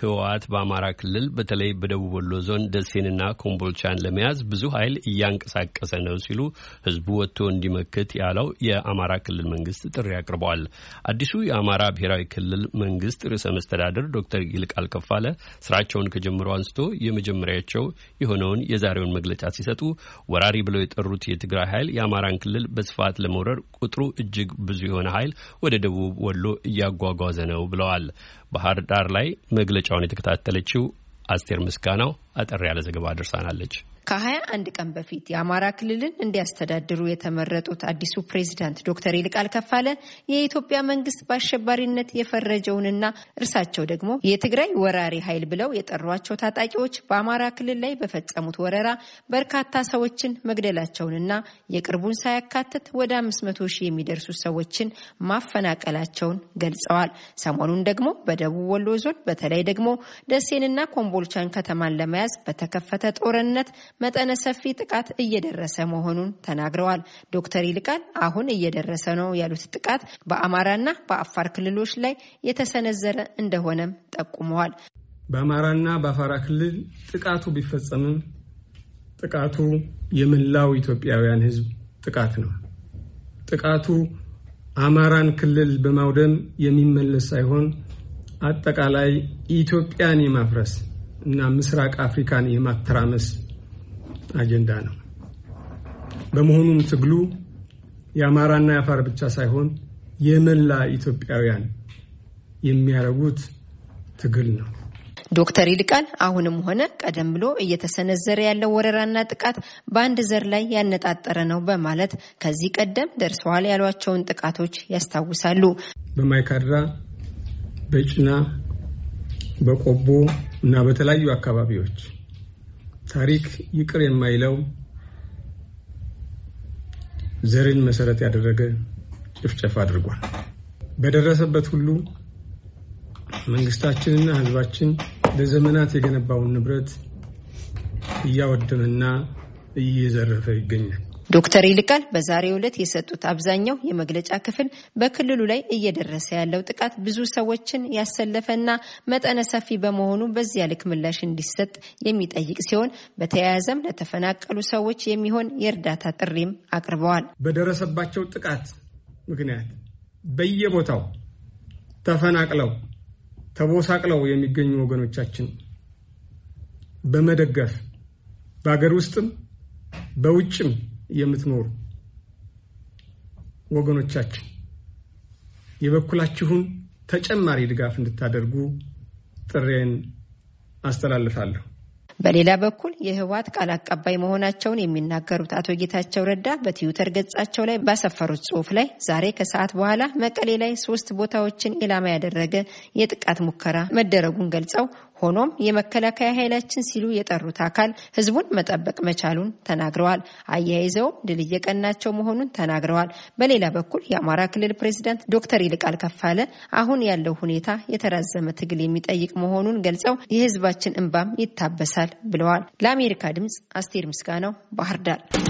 ህወሓት በአማራ ክልል በተለይ በደቡብ ወሎ ዞን ደሴንና ኮምቦልቻን ለመያዝ ብዙ ኃይል እያንቀሳቀሰ ነው ሲሉ ህዝቡ ወጥቶ እንዲመክት ያለው የአማራ ክልል መንግስት ጥሪ አቅርበዋል። አዲሱ የአማራ ብሔራዊ ክልል መንግስት ርዕሰ መስተዳደር ዶክተር ይልቃል ከፋለ ስራቸውን ከጀምሮ አንስቶ የመጀመሪያቸው የሆነውን የዛሬውን መግለጫ ሲሰጡ ወራሪ ብለው የጠሩት የትግራይ ኃይል የአማራን ክልል በስፋት ለመውረር ቁጥሩ እጅግ ብዙ የሆነ ኃይል ወደ ደቡብ ወሎ እያጓጓዘ ነው ብለዋል። ባህር ዳር ላይ መግለጫ ሁኔታውን የተከታተለችው አስቴር ምስጋናው አጠር ያለ ዘገባ አድርሳናለች። ከ21 ቀን በፊት የአማራ ክልልን እንዲያስተዳድሩ የተመረጡት አዲሱ ፕሬዚዳንት ዶክተር ይልቃል ከፋለ የኢትዮጵያ መንግስት በአሸባሪነት የፈረጀውንና እርሳቸው ደግሞ የትግራይ ወራሪ ኃይል ብለው የጠሯቸው ታጣቂዎች በአማራ ክልል ላይ በፈጸሙት ወረራ በርካታ ሰዎችን መግደላቸውንና የቅርቡን ሳያካትት ወደ 500 ሺህ የሚደርሱ ሰዎችን ማፈናቀላቸውን ገልጸዋል። ሰሞኑን ደግሞ በደቡብ ወሎ ዞን በተለይ ደግሞ ደሴንና ኮምቦልቻን ከተማን ለመያዝ በተከፈተ ጦርነት መጠነ ሰፊ ጥቃት እየደረሰ መሆኑን ተናግረዋል። ዶክተር ይልቃል አሁን እየደረሰ ነው ያሉት ጥቃት በአማራና በአፋር ክልሎች ላይ የተሰነዘረ እንደሆነም ጠቁመዋል። በአማራና በአፋራ ክልል ጥቃቱ ቢፈጸምም ጥቃቱ የመላው ኢትዮጵያውያን ሕዝብ ጥቃት ነው። ጥቃቱ አማራን ክልል በማውደም የሚመለስ ሳይሆን አጠቃላይ ኢትዮጵያን የማፍረስ እና ምስራቅ አፍሪካን የማተራመስ አጀንዳ ነው። በመሆኑም ትግሉ የአማራና የአፋር ብቻ ሳይሆን የመላ ኢትዮጵያውያን የሚያደርጉት ትግል ነው። ዶክተር ይልቃል አሁንም ሆነ ቀደም ብሎ እየተሰነዘረ ያለው ወረራና ጥቃት በአንድ ዘር ላይ ያነጣጠረ ነው በማለት ከዚህ ቀደም ደርሰዋል ያሏቸውን ጥቃቶች ያስታውሳሉ። በማይካድራ፣ በጭና፣ በቆቦ እና በተለያዩ አካባቢዎች ታሪክ ይቅር የማይለው ዘርን መሰረት ያደረገ ጭፍጨፍ አድርጓል። በደረሰበት ሁሉ መንግስታችንና ህዝባችን ለዘመናት የገነባውን ንብረት እያወደመና እየዘረፈ ይገኛል። ዶክተር ይልቃል በዛሬው ዕለት የሰጡት አብዛኛው የመግለጫ ክፍል በክልሉ ላይ እየደረሰ ያለው ጥቃት ብዙ ሰዎችን ያሰለፈና መጠነ ሰፊ በመሆኑ በዚያ ልክ ምላሽ እንዲሰጥ የሚጠይቅ ሲሆን በተያያዘም ለተፈናቀሉ ሰዎች የሚሆን የእርዳታ ጥሪም አቅርበዋል። በደረሰባቸው ጥቃት ምክንያት በየቦታው ተፈናቅለው ተቦሳቅለው የሚገኙ ወገኖቻችን በመደገፍ በሀገር ውስጥም በውጭም የምትኖሩ ወገኖቻችን የበኩላችሁን ተጨማሪ ድጋፍ እንድታደርጉ ጥሬን አስተላልፋለሁ። በሌላ በኩል የህወሓት ቃል አቀባይ መሆናቸውን የሚናገሩት አቶ ጌታቸው ረዳ በትዊተር ገጻቸው ላይ ባሰፈሩት ጽሁፍ ላይ ዛሬ ከሰዓት በኋላ መቀሌ ላይ ሶስት ቦታዎችን ኢላማ ያደረገ የጥቃት ሙከራ መደረጉን ገልጸው ሆኖም የመከላከያ ኃይላችን ሲሉ የጠሩት አካል ህዝቡን መጠበቅ መቻሉን ተናግረዋል። አያይዘውም ድል እየቀናቸው መሆኑን ተናግረዋል። በሌላ በኩል የአማራ ክልል ፕሬዚዳንት ዶክተር ይልቃል ከፋለ አሁን ያለው ሁኔታ የተራዘመ ትግል የሚጠይቅ መሆኑን ገልጸው የህዝባችን እንባም ይታበሳል ብለዋል። ለአሜሪካ ድምጽ አስቴር ምስጋናው ባህር ዳር